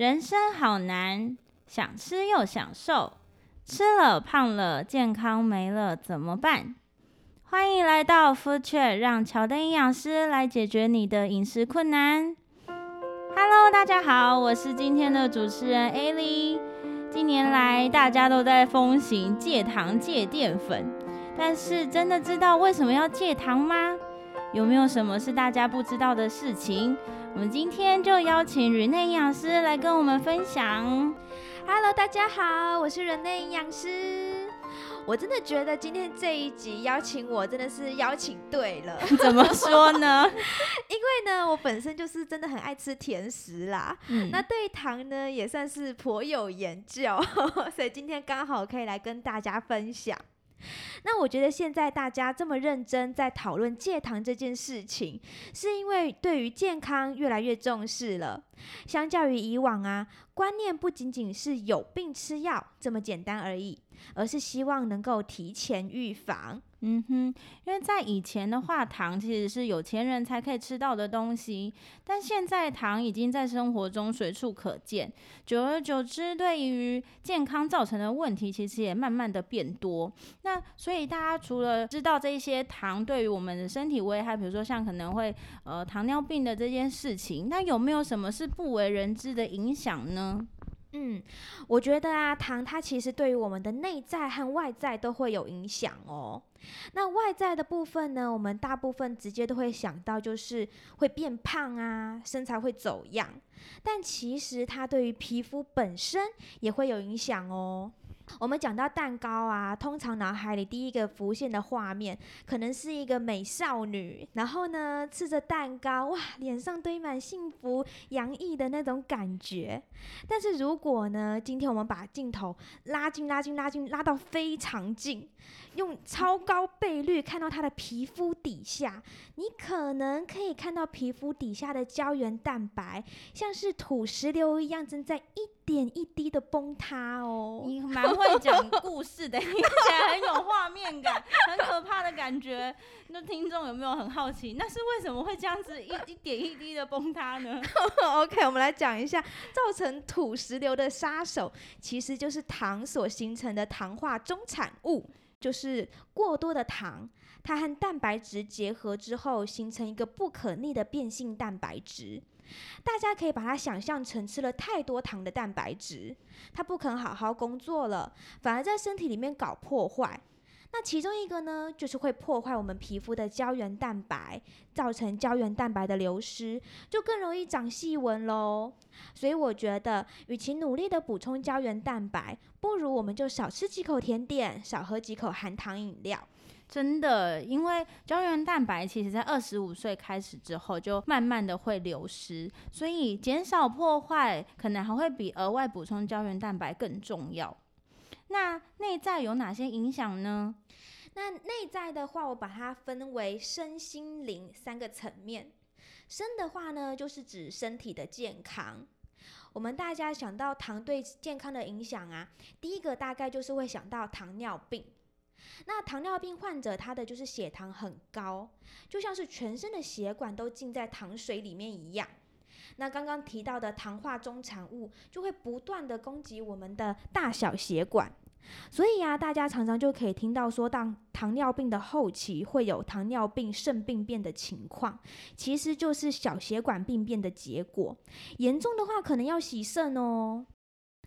人生好難，想吃又想瘦，吃了胖了，健康沒了，怎麼辦？歡迎來到 Food Chat，讓喬丹營養師來解決你的飲食困難。Hello，大家好，我是今天的主持人 Ali。近年來，大家都在風行戒糖戒澱粉，但是真的知道為什麼要戒糖嗎？有沒有什麼是大家不知道的事情？我們今天就邀請人類營養師來跟我們分享。Hello，大家好，我是人類營養師。我真的覺得今天這一集邀請我真的是邀請對了。 怎麼說呢？ 因為呢，我本身就是真的很愛吃甜食啦，嗯、那對糖呢也算是頗有研究， 所以今天剛好可以來跟大家分享。那我覺得現在大家這麼認真在討論戒糖這件事情，是因為對於健康越來越重視了。相較於以往啊，觀念不僅僅是有病吃藥這麼簡單而已，而是希望能夠提前預防。嗯哼，因為在以前的話，糖其實是有錢人才可以吃到的東西，但現在糖已經在生活中隨處可見，久而久之，對於健康造成的問題，其實也慢慢的變多。那所以大家除了知道這些糖對於我們的身體危害，比如說像可能會，呃，糖尿病的這件事情，那有沒有什麼是不為人知的影響呢？嗯，我覺得啊，糖它其實對於我們的內在和外在都會有影響哦。那外在的部分呢，我們大部分直接都會想到就是會變胖啊，身材會走樣。但其實它對於皮膚本身也會有影響哦。我們講到蛋糕啊，通常腦海裡第一個浮現的畫面，可能是一個美少女，然後呢吃着蛋糕，哇，臉上堆滿幸福洋溢的那種感覺。但是如果呢，今天我們把鏡頭拉近、拉近、拉近、拉到非常近，用超高倍率看到她的皮膚底下，你可能可以看到皮膚底下的膠原蛋白，像是土石流一樣正在一。一點一滴的崩塌哦，你蠻會講故事的，聽 起來很有畫面感， 很可怕的感覺。那 聽眾有沒有很好奇？那是為什麼會這樣子一一點一滴的崩塌呢 ？OK，我們來講一下，造成土石流的殺手其實就是糖所形成的糖化終產物，就是過多的糖。它和蛋白質結合之後，形成一個不可逆的變性蛋白質。大家可以把它想象成吃了太多糖的蛋白質，它不肯好好工作了，反而在身體裡面搞破壞。那其中一個呢，就是會破壞我們皮膚的膠原蛋白，造成膠原蛋白的流失，就更容易長細紋嘍。所以我覺得，與其努力的補充膠原蛋白，不如我們就少吃幾口甜點，少喝幾口含糖飲料。真的，因為膠原蛋白其實在二十五歲開始之後，就慢慢的會流失，所以減少破壞可能還會比額外補充膠原蛋白更重要。那內在有哪些影響呢？那內在的話，我把它分為身心靈三個層面。身的話呢，就是指身體的健康。我們大家想到糖對健康的影響啊，第一個大概就是會想到糖尿病。那糖尿病患者他的就是血糖很高，就像是全身的血管都浸在糖水裡面一樣。那剛剛提到的糖化終產物就會不斷的攻擊我們的大小血管，所以呀、啊，大家常常就可以聽到說，當糖尿病的後期會有糖尿病腎病變的情況，其實就是小血管病變的結果。嚴重的話可能要洗腎哦、喔。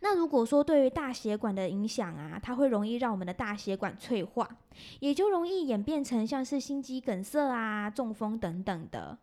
那如果說對於大血管的影響啊，它會容易讓我們的大血管脆化，也就容易演變成像是心肌梗塞啊、中風等等的。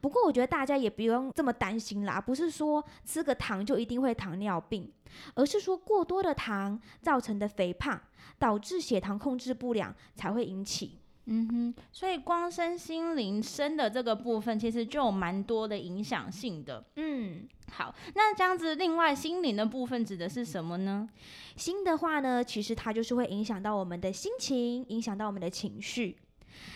不過我覺得大家也不用這麼擔心啦，不是說吃個糖就一定會糖尿病，而是說過多的糖造成的肥胖，導致血糖控制不良才會引起。嗯哼，所以光身心靈身的這個部分，其實就有蠻多的影響性的。嗯，好，那這樣子，另外心靈的部分指的是什麼呢？心的話呢，其實它就是會影響到我們的心情，影響到我們的情緒。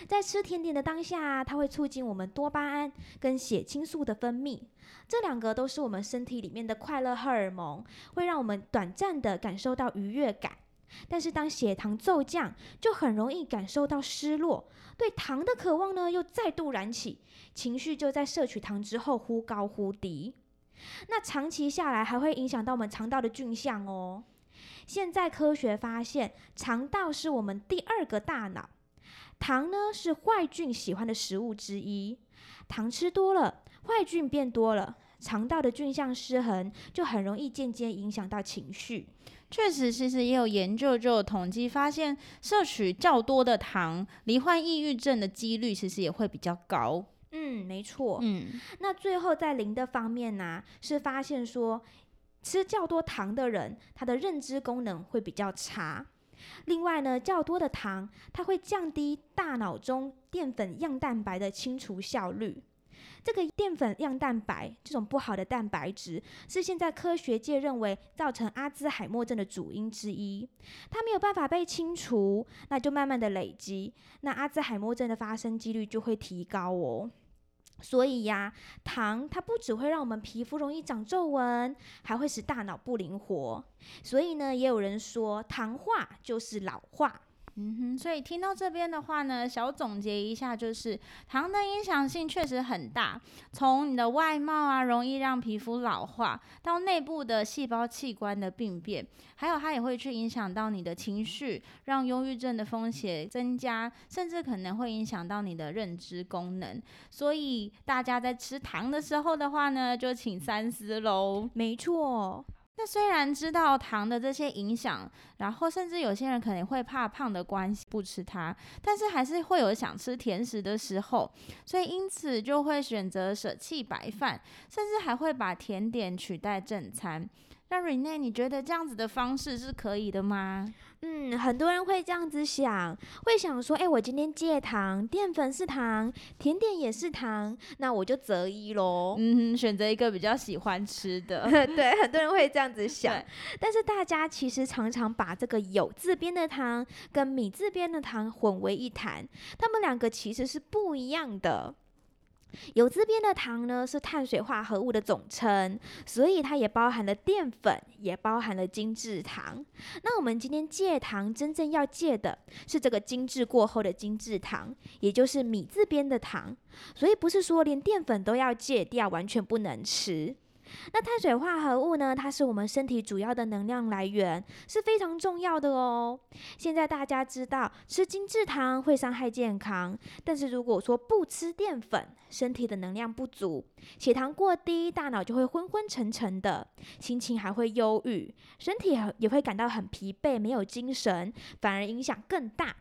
在吃甜點的當下，它會促進我們多巴胺跟血清素的分泌，這兩個都是我們身體裡面的快樂荷爾蒙，會讓我們短暫的感受到愉悅感。但是當血糖驟降，就很容易感受到失落，對糖的渴望呢又再度燃起，情緒就在攝取糖之後忽高忽低。那長期下來還會影響到我們腸道的菌相哦。現在科學發現，腸道是我們第二個大腦，糖呢是壞菌喜歡的食物之一，糖吃多了，壞菌變多了，腸道的菌相失衡，就很容易間接影響到情緒。確實，實，其實也有研究，就有統計發現，攝取較多的糖，罹患抑鬱症的幾率其實，實也會比較高。嗯，沒錯。嗯，那最後在零的方面呢、啊，是發現說，吃較多糖的人，他的認知功能會比較差。另外呢，較多的糖，它會降低大腦中澱粉樣蛋白的清除效率。這個澱粉樣蛋白，這種不好的蛋白質，是現在科學界認為造成阿茲海默症的主因之一。它沒有辦法被清除，那就慢慢的累積，那阿茲海默症的發生幾率就會提高哦。所以呀、啊，糖它不只會讓我們皮膚容易長皺紋，還會使大腦不靈活。所以呢，也有人說，糖化就是老化。嗯哼，所以聽到這邊的話呢，小總結一下，就是糖的影響性確實很大，從你的外貌啊，容易讓皮膚老化，到內部的細胞器官的病變，還有它也會去影響到你的情緒，讓憂鬱症的風險增加，甚至可能會影響到你的認知功能。所以大家在吃糖的時候的話呢，就請三思嘍。沒錯。那雖然知道糖的這些影響，然後甚至有些人可能會怕胖的關係不吃它，但是還是會有想吃甜食的時候，所以因此就會選擇捨棄白飯，甚至還會把甜點取代正餐。那 Rene，你覺得這樣子的方式是可以的嗎？嗯，很多人會這樣子想，會想說，哎、欸，我今天戒糖，澱粉是糖，甜點也是糖，那我就擇一嘍。嗯，選擇一個比較喜歡吃的。 對，很多人會這樣子想， 對但是大家其實常常把這個“酉”字邊的糖跟“米”字邊的糖混為一談，他們兩個其實是不一樣的。酉字邊的醣呢，是碳水化合物的總稱，所以它也包含了澱粉，也包含了精製糖。那我們今天戒糖，真正要戒的是這個精製過後的精製糖，也就是米字邊的糖。所以不是說連澱粉都要戒掉，完全不能吃。那碳水化合物呢？它是我們身體主要的能量來源，是非常重要的哦。現在大家知道吃精製糖會傷害健康，但是如果說不吃澱粉，身體的能量不足，血糖過低，大腦就會昏昏沉沉的，心情還會憂鬱，身體也也會感到很疲憊，沒有精神，反而影響更大。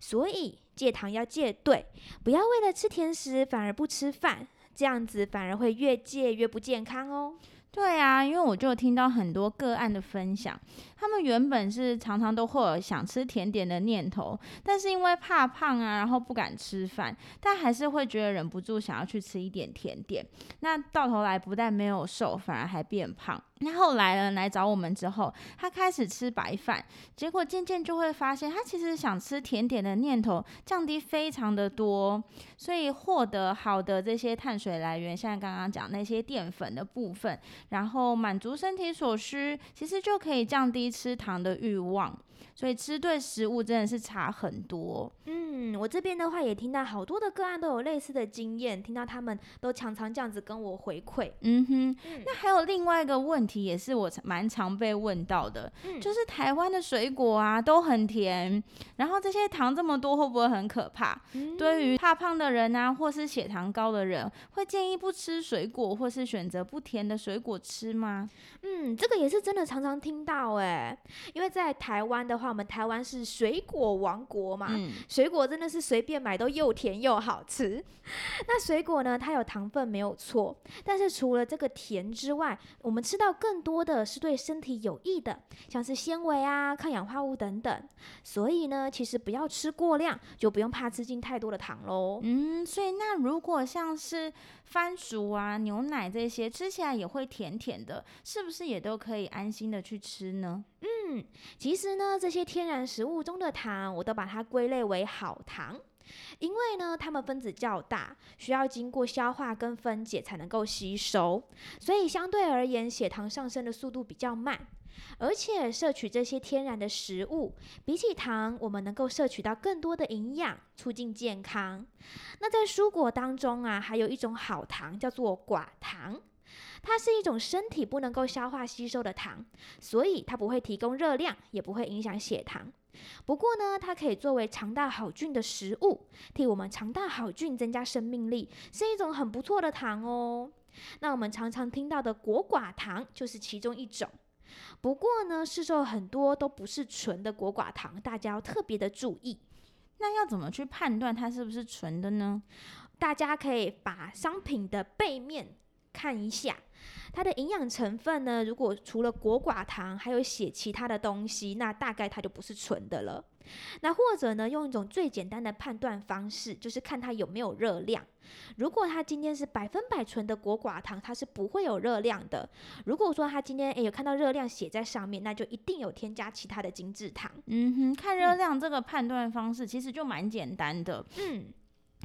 所以戒糖要戒對，不要為了吃甜食反而不吃飯。這樣子反而會越戒越不健康哦。對啊，因為我就聽到很多個案的分享，他們原本是常常都會有想吃甜點的念頭，但是因為怕胖啊，然後不敢吃飯，但還是會覺得忍不住想要去吃一點甜點，那到頭來不但沒有瘦，反而還變胖。然後來了來找我們之後，他開始吃白飯，結果漸漸就會發現，他其實想吃甜點的念頭降低非常的多。所以獲得好的這些碳水來源，像剛剛講那些澱粉的部分，然後滿足身體所需，其實就可以降低吃糖的慾望。所以吃對食物真的是差很多。嗯，我這邊的話也聽到好多的個案都有類似的經驗，聽到他們都常常這樣子跟我回饋。嗯哼，嗯，那還有另外一個問題，也是我蠻常被問到的，嗯、就是台灣的水果啊都很甜，然後這些糖這麼多，會不會很可怕？嗯、對於怕胖的人啊，或是血糖高的人，會建議不吃水果，或是選擇不甜的水果吃嗎？嗯，這個也是真的常常聽到哎、欸，因為在台灣的話。我們台灣是水果王國嘛，嗯，水果真的是隨便買都又甜又好吃。那水果呢，它有糖分沒有錯，但是除了這個甜之外，我們吃到更多的是對身體有益的，像是纖維啊、抗氧化物等等。所以呢，其實不要吃過量，就不用怕吃進太多的糖嘍。嗯，所以那如果像是番薯啊、牛奶這些，吃起來也會甜甜的，是不是也都可以安心的去吃呢？嗯，其實呢，這些天然食物中的糖，我都把它歸類為好糖，因為呢，它們分子較大，需要經過消化跟分解才能夠吸收，所以相對而言，血糖上升的速度比較慢。而且攝取這些天然的食物，比起糖，我們能夠攝取到更多的營養，促進健康。那在蔬果當中啊，還有一種好糖叫做寡糖。它是一種身體不能夠消化吸收的糖，所以它不會提供熱量，也不會影響血糖。不過呢，它可以作為腸道好菌的食物，替我們腸道好菌增加生命力，是一種很不錯的糖哦。那我們常常聽到的果寡糖就是其中一種。不過呢，市售很多都不是純的果寡糖，大家要特別的注意。那要怎麼去判斷它是不是純的呢？大家可以把商品的背面。看一下它的營養成分呢，如果除了果寡糖還有寫其他的東西，那大概它就不是純的了。那或者呢，用一種最簡單的判斷方式，就是看它有沒有熱量。如果它今天是百分百純的果寡糖，它是不會有熱量的。如果說它今天誒、欸、有看到熱量寫在上面，那就一定有添加其他的精制糖。嗯哼，看熱量這個判斷方式、嗯、其實就蠻簡單的。嗯。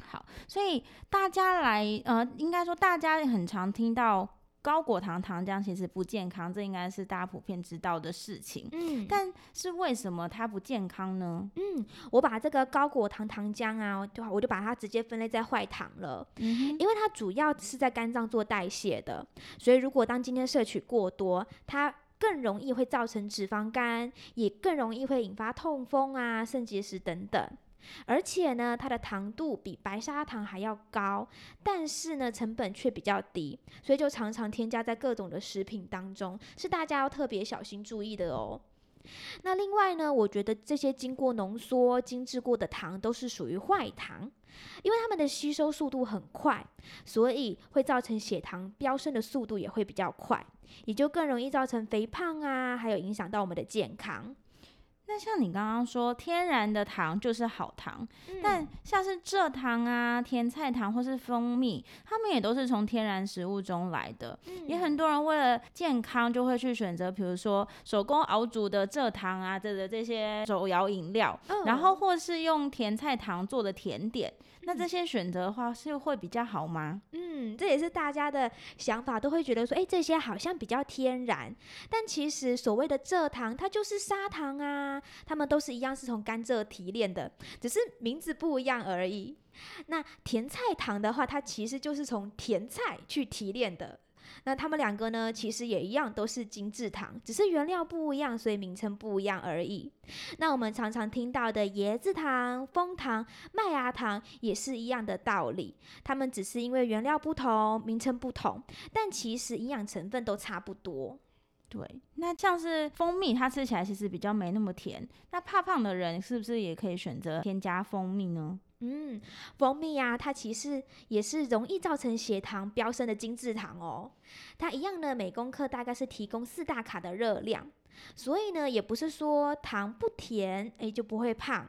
好，所以大家來，呃，應該說大家很常聽到高果糖糖漿其實不健康，這應該是大家普遍知道的事情。嗯，但是為什麼它不健康呢？嗯，我把這個高果糖糖漿啊，對吧？我就把它直接分類在壞糖了。嗯哼。因為它主要是在肝臟做代謝的，所以如果當今天攝取過多，它更容易會造成脂肪肝，也更容易會引發痛風啊、腎結石等等。而且呢，它的糖度比白砂糖還要高，但是呢，成本卻比較低，所以就常常添加在各種的食品當中，是大家要特別小心注意的哦。那另外呢，我覺得這些經過濃縮、精製過的糖都是屬於壞糖，因為它們的吸收速度很快，所以會造成血糖飆升的速度也會比較快，也就更容易造成肥胖啊，還有影響到我們的健康。那像你剛剛說，天然的糖就是好糖，嗯、但像是蔗糖啊、甜菜糖或是蜂蜜，他們也都是從天然食物中來的。嗯、也很多人為了健康，就會去選擇，比如說手工熬煮的蔗糖啊，這的、個、這些手搖飲料，哦、然後或是用甜菜糖做的甜點。嗯、那這些選擇的話，是會比較好嗎？嗯，這也是大家的想法，都會覺得說，誒、欸，這些好像比較天然。但其實所謂的蔗糖，它就是砂糖啊。它們都是一樣，是從甘蔗提煉的，只是名字不一樣而已。那甜菜糖的話，它其實就是從甜菜去提煉的。那它們兩個呢，其實也一樣，都是精制糖，只是原料不一樣，所以名稱不一樣而已。那我們常常聽到的椰子糖、蜂糖、麥芽糖也是一樣的道理，它們只是因為原料不同，名稱不同，但其實營養成分都差不多。對，那像是蜂蜜，它吃起來其實比較沒那麼甜。那怕胖的人是不是也可以選擇添加蜂蜜呢？嗯，蜂蜜啊，它其實也是容易造成血糖飆升的精緻糖哦。它一樣的每公克大概是提供四大卡的熱量，所以呢，也不是說糖不甜，誒就不會胖。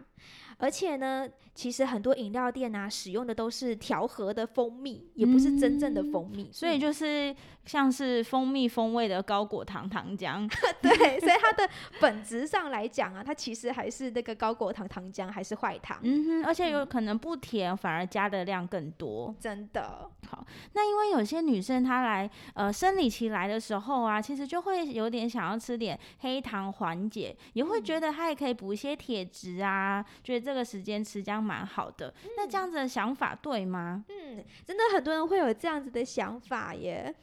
而且呢，其實很多飲料店啊使用的都是調和的蜂蜜，也不是真正的蜂蜜，嗯嗯、所以就是。像是蜂蜜風味的高果糖糖漿， 對，所以它的本質上來講啊，它其實還是那個高果糖糖漿，還是壞糖。嗯哼，而且有可能不甜，嗯、反而加的量更多，真的。好，那因為有些女生她來，呃，生理期來的時候啊，其實就會有點想要吃點黑糖緩解，也會覺得它也可以補一些鐵質啊，嗯、覺得這個時間吃薑蠻好的。嗯、那這樣子的想法對嗎？嗯，真的很多人會有這樣子的想法耶。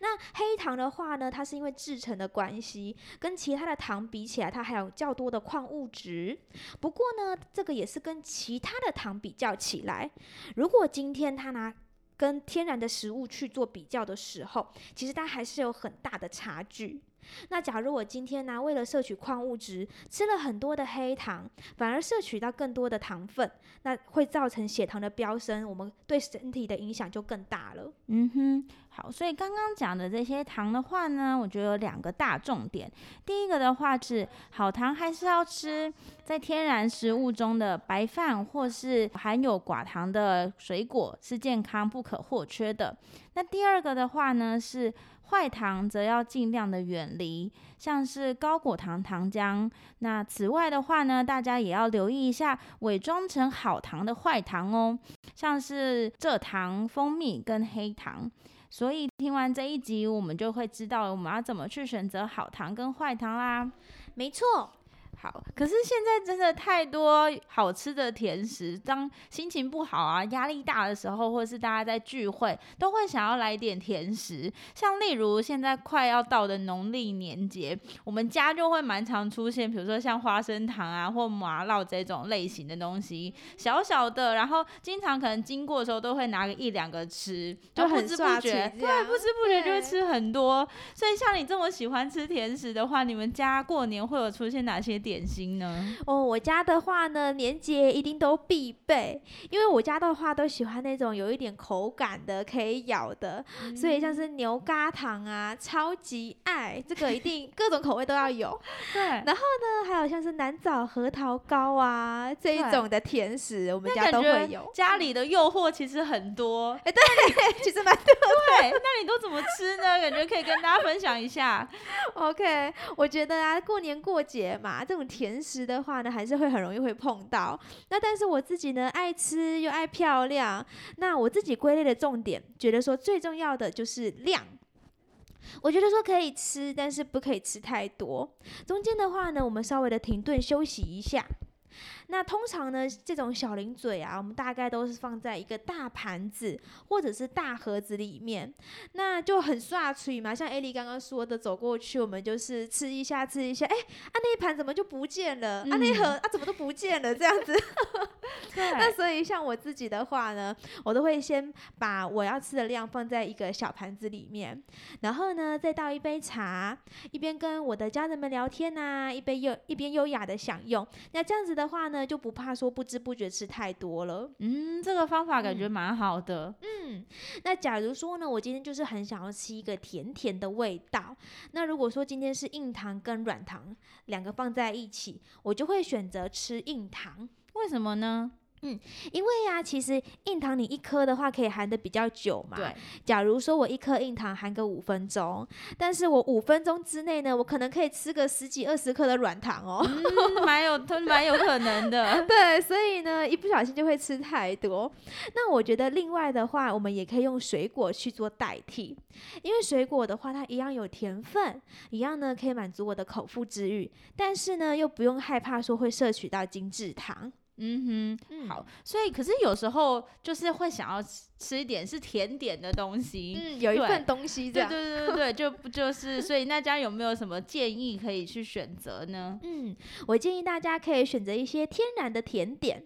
那黑糖的話呢，它是因為製程的關係，跟其他的糖比起來，它還有較多的礦物質。不過呢，這個也是跟其他的糖比較起來，如果今天它拿跟天然的食物去做比較的時候，其實它還是有很大的差距。那假如我今天呢，為了攝取礦物質，吃了很多的黑糖，反而攝取到更多的糖分，那會造成血糖的飆升，我們對身體的影響就更大了。嗯哼，好，所以剛剛講的這些糖的話呢，我覺得有兩個大重點。第一個的話是，好糖還是要吃在天然食物中的白飯或是含有寡糖的水果，是健康不可或缺的。那第二個的話呢，是壞糖則要盡量的遠離，像是高果糖糖漿。那此外的話呢，大家也要留意一下偽裝成好糖的壞糖哦，像是蔗糖、蜂蜜跟黑糖。所以聽完這一集，我們就會知道我們要怎麼去選擇好糖跟壞糖啦。沒錯。好，可是現在真的太多好吃的甜食，當心情不好啊、壓力大的時候，或者是大家在聚會，都會想要來點甜食。像例如現在快要到的農曆年節，我們家就會蠻常出現，比如說像花生糖啊或麻粩這種類型的東西，小小的，然後經常可能經過的時候都會拿個一兩個吃，對就不知不覺，對，不知不覺就會吃很多。對所以像你這麼喜歡吃甜食的話，你們家過年會有出現哪些點？點心呢？哦，我家的話呢，年節一定都必備，因為我家的話都喜歡那種有一點口感的，可以咬的，嗯、所以像是牛軋糖啊，超級愛這個，一定各種口味都要有。 對，然後呢，還有像是南棗核桃糕啊這一種的甜食，我們家都會有。家裡的誘惑其實很多，哎、嗯欸，對，其實蠻多的。對，那你都怎麼吃呢？ 感覺可以跟大家分享一下。OK，我覺得啊，過年過節嘛，這甜食的話呢，還是會很容易會碰到。那但是我自己呢，愛吃又愛漂亮。那我自己歸類的重點，覺得說最重要的就是量。我覺得說可以吃，但是不可以吃太多。中間的話呢，我們稍微的停頓休息一下。那通常呢，這種小零嘴啊，我們大概都是放在一個大盤子或者是大盒子裡面，那就很涮嘴嘛。像艾麗剛剛說的，走過去我們就是吃一下，吃一下，哎、欸，啊那一盤怎麼就不見了？嗯、啊那盒啊怎麼都不見了？這樣子。 對 那所以像我自己的話呢，我都會先把我要吃的量放在一個小盤子裡面，然後呢再倒一杯茶，一邊跟我的家人們聊天吶、啊，一杯優一邊優雅的享用。那這樣子的話呢，那就不怕說不知不覺吃太多了。嗯，這個方法感覺蠻好的嗯。嗯，那假如說呢，我今天就是很想要吃一個甜甜的味道，那如果說今天是硬糖跟軟糖兩個放在一起，我就會選擇吃硬糖。為什麼呢？嗯，因為呀、啊，其實硬糖你一顆的話可以含得比較久嘛。對。假如說我一顆硬糖含個五分鐘，但是我五分鐘之內呢，我可能可以吃個十幾二十克的軟糖哦。嗯、 蠻有，蠻有可能的。 對，所以呢，一不小心就會吃太多。那我覺得另外的話，我們也可以用水果去做代替，因為水果的話，它一樣有甜分，一樣呢可以滿足我的口腹之慾，但是呢又不用害怕說會攝取到精製糖。嗯哼，嗯好，所以可是有時候就是會想要吃一點是甜點的東西，嗯、有一份東西這樣，對，對對對對， 就不就是，所以大家有沒有什麼建議可以去選擇呢？嗯，我建議大家可以選擇一些天然的甜點，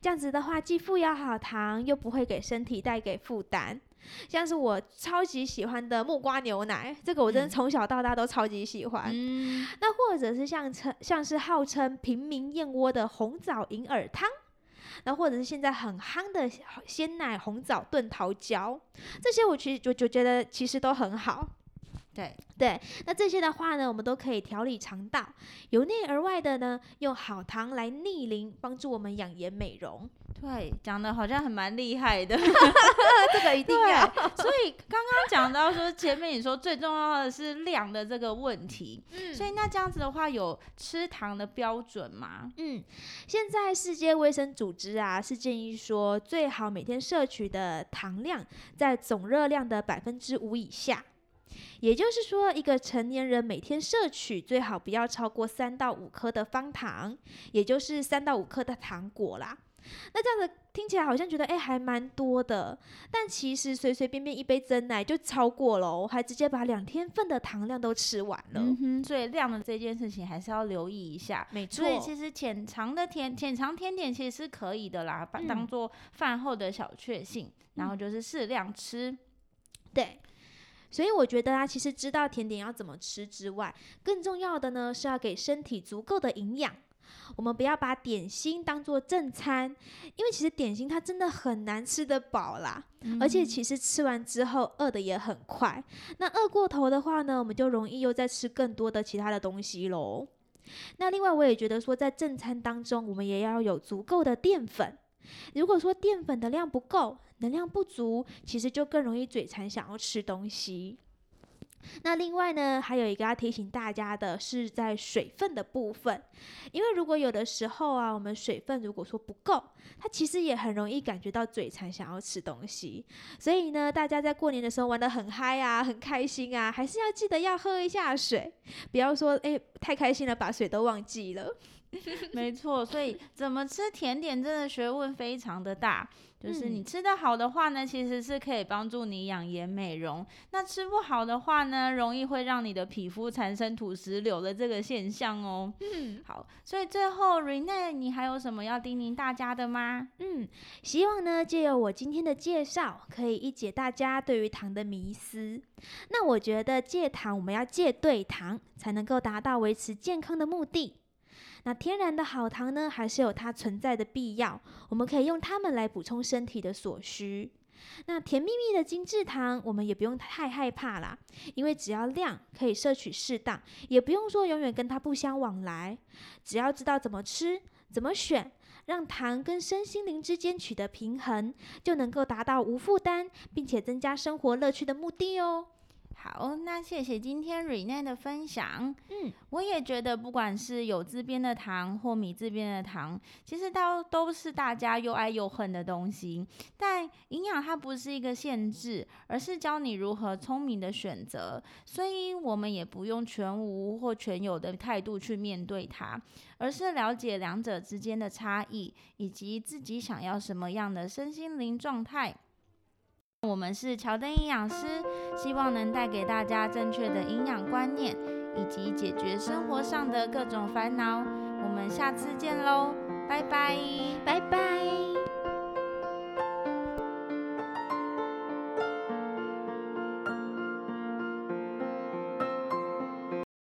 這樣子的話，既富有好糖，又不會給身體帶給負擔。像是我超級喜歡的木瓜牛奶，這個我真的從小到大都超級喜歡。嗯，那或者是像稱像是號稱平民燕窩的紅棗銀耳湯，那或者是現在很夯的鮮奶紅棗燉桃膠，這些我其實就就覺得其實都很好。對對，那這些的話呢，我們都可以調理腸道，由內而外的呢，用好糖來逆齡，幫助我們養顏美容。對，講的好像還蠻厲害的， 這個一定要。所以剛剛講到說，前面你說最重要的是量的這個問題， 嗯，所以那這樣子的話，有吃糖的標準嗎？嗯，現在世界衛生組織啊，是建議說最好每天攝取的糖量在總熱量的百分之五以下。也就是說，一個成年人每天攝取最好不要超過三到五顆的方糖，也就是三到五顆的糖果啦。那這樣子聽起來好像覺得哎、欸、還蠻多的，但其實隨隨便便一杯珍奶就超過了，喔，我還直接把兩天份的糖量都吃完了，嗯。所以量的這件事情還是要留意一下。沒錯。所以其實淺嘗的甜，淺嘗甜點其實是可以的啦，把當做飯後的小確幸，嗯、然後就是適量吃。嗯、對。所以我覺得啊，其實知道甜點要怎麼吃之外，更重要的呢是要給身體足夠的營養。我們不要把點心當做正餐，因為其實點心它真的很難吃得飽啦，嗯、而且其實吃完之後餓得也很快。那餓過頭的話呢，我們就容易又再吃更多的其他的東西嘍。那另外我也覺得說，在正餐當中，我們也要有足夠的澱粉。如果說澱粉的量不夠，能量不足，其實就更容易嘴饞，想要吃東西。那另外呢，還有一個要提醒大家的是，在水分的部分，因為如果有的時候啊，我們水分如果說不夠，它其實也很容易感覺到嘴饞，想要吃東西。所以呢，大家在過年的時候玩得很嗨啊，很開心啊，還是要記得要喝一下水，不要說哎、欸、太開心了，把水都忘記了。 沒錯，所以怎麼吃甜點真的學問非常的大。就是你吃得好的話呢，嗯、其實是可以幫助你養顏美容；那吃不好的話呢，容易會讓你的皮膚產生土石流的這個現象哦。嗯、好，所以最後 Rene，你還有什麼要叮嚀大家的嗎？嗯，希望呢借由我今天的介紹，可以一解大家對於糖的迷思。那我覺得戒糖，我們要戒對糖，才能夠達到維持健康的目的。那天然的好糖呢，還是有它存在的必要，我們可以用它們來補充身體的所需。那甜蜜蜜的精製糖，我們也不用太害怕啦，因為只要量可以攝取適當，也不用說永遠跟它不相往來。只要知道怎麼吃，怎麼選，讓糖跟身心靈之間取得平衡，就能夠達到無負擔，並且增加生活樂趣的目的哦。好，那謝謝今天 Rene 的分享。嗯，我也覺得，不管是酉字邊的醣或米字邊的糖，其實都都是大家又愛又恨的東西。但營養它不是一個限制，而是教你如何聰明的選擇。所以，我們也不用全無或全有的態度去面對它，而是了解兩者之間的差異，以及自己想要什麼樣的身心靈狀態。我們是喬登營養師，希望能帶給大家正確的營養觀念，以及解決生活上的各種煩惱。我們下次見嘍，拜拜，拜拜。